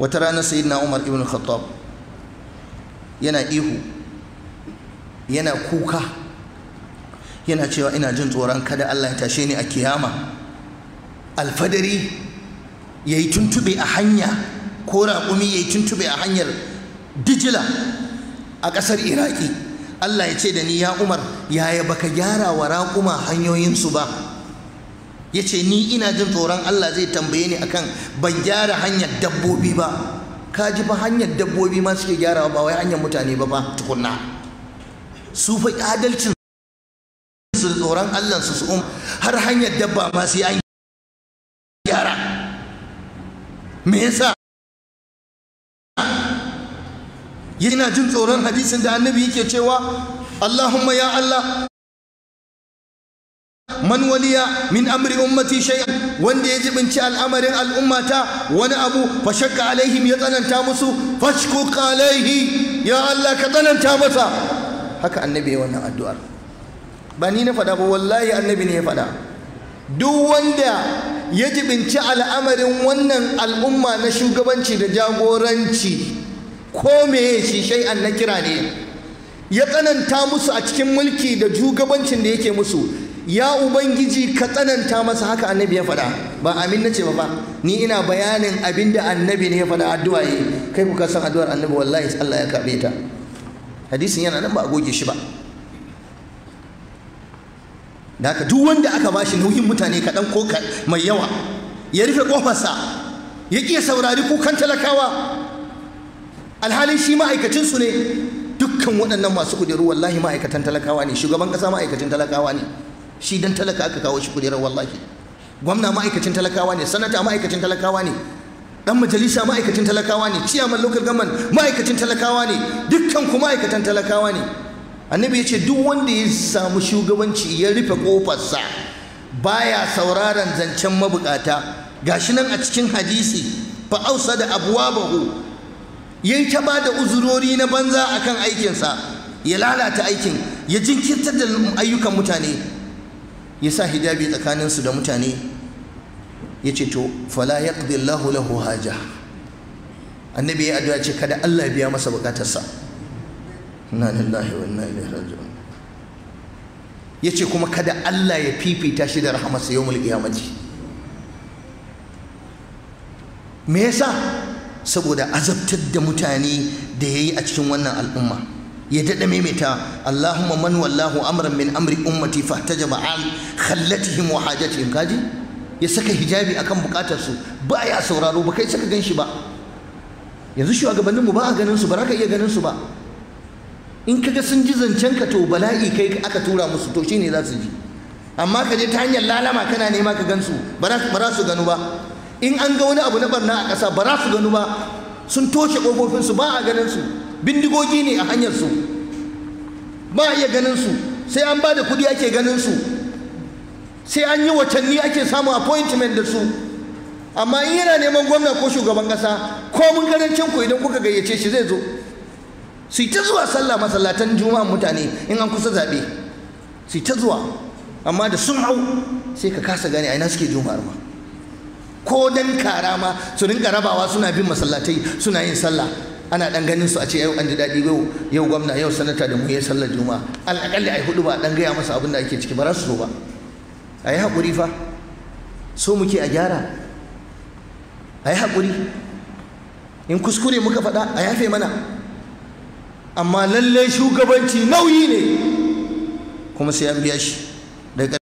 wata ranar sayyidina umar ibn khattab yana ihu yana kuka yana cewa ina jin tsoron kada Allah ya tashe ni a kiyama alfadari ya yi tuntube a hanya ko raƙumi ya yi tuntube a hanyar dijila a ƙasar iraki Allah ya ce da ni ya umar yaya baka gyara wa raƙuma hanyoyinsu ba ya ce ni ina jin tsoron Allah zai tambaye ni akan ban gyara hanyar dabbobi ba ka ji fa hanyar dabbobi ma suke gyarawa ba wai hanyar mutane ba ba tukunna su fa adalcin su tsoron Allah su su um, har hanyar dabba ma sai an gyara me yasa yana jin tsoron hadisin da annabi yake cewa Allahumma ya Allah man waliya min amri ummati shay'an wanda ya jibinci al'amarin al'ummata wani abu fa shakka alaihim ya tsananta musu fashkuk ya Allah ka tsananta masa haka annabi ya wannan addu'ar ba ni na faɗa ba wallahi annabi ne ya faɗa duk wanda ya jibinci al'amarin wannan al'umma na shugabanci da jagoranci ko meye shi shay'an na kira ne ya tsananta musu a cikin mulki da shugabancin da yake musu ya ubangiji ka tsananta masa haka annabi ya faɗa ba amin na ce ba ba ni ina bayanin abin da annabi ne ya faɗa addu'a yi kai kuka san addu'ar annabi wallahi Allah ya karɓe ta hadisin yana nan ba a goge shi ba da haka duk wanda aka bashi nauyin mutane kaɗan ko mai yawa ya rufe ƙofarsa ya ƙi saurari kukan talakawa alhalin shi ma'aikacinsu ne dukkan waɗannan masu ƙudiru wallahi ma'aikatan talakawa ne shugaban ƙasa ma'aikacin talakawa ne shi dan talaka aka kawo shi kudirar wallahi gwamna ma'aikacin talakawa ne sanata ma'aikacin talakawa ne dan majalisa ma'aikacin talakawa ne ciyaman local government ma'aikacin talakawa ne dukkan ku ma'aikatan talakawa ne annabi ya ce duk wanda ya samu shugabanci ya rufe kofarsa baya sauraron zancen mabukata gashi nan a cikin hadisi fa ausa da abwabahu yayi ta da uzurori na banza akan aikinsa ya lalata aikin ya jinkirtar da ayyukan mutane ya sa hijabi tsakaninsu da mutane ya ce to fala yaqdi lahu haja annabi ya addu'a ce kada Allah biya masa bukatarsa inna lillahi wa inna ilaihi raji'un ya ce kuma kada Allah ya fifita shi da rahamarsa yawmul qiyamati me yasa saboda azabtar da mutane da yayi a cikin wannan al'umma ya daɗa maimaita Allahumma man wallahu amran min amri ummati fahtajaba an khallatihim wa hajatihim kaji ya saka hijabi akan bukatar su ba ya sauraro ba kai saka ganshi ba yanzu shugabanninmu ba a ganin su ba za ka iya ganin su ba in kaga sun ji zancen ka to bala'i kai aka tura musu to shine za su ji amma ka je ta hanyar lalama kana nema ka gansu ba za su gano ba in an ga wani abu na barna a ƙasa ba za su gano ba sun toshe ƙofofinsu ba a ganin su bindigogi ne a hanyar su ba iya ganin su sai an ba da kuɗi ake ganin su sai an yi watanni ake samu appointment da su amma in yana neman gwamna ko shugaban kasa ko mun garancin ku idan kuka gayyace shi zai zo su yi ta zuwa sallah masallatan juma'a mutane in an kusa zaɓe su yi ta zuwa amma da sun hau sai ka kasa gane a ina suke juma'ar ma ko dan kara su rinka rabawa suna bin masallatai suna yin sallah ana ɗan ganin su a ce yau an ji daɗi yau yau gwamna yau sanata da mu ya sallar juma'a alƙalli ai hudu ba dan gaya masa abin da ake ciki ba za su zo ba a yi haƙuri fa so muke a gyara a yi haƙuri in kuskure muka faɗa a yafe mana amma lallai shugabanci nauyi ne kuma sai an biya shi daga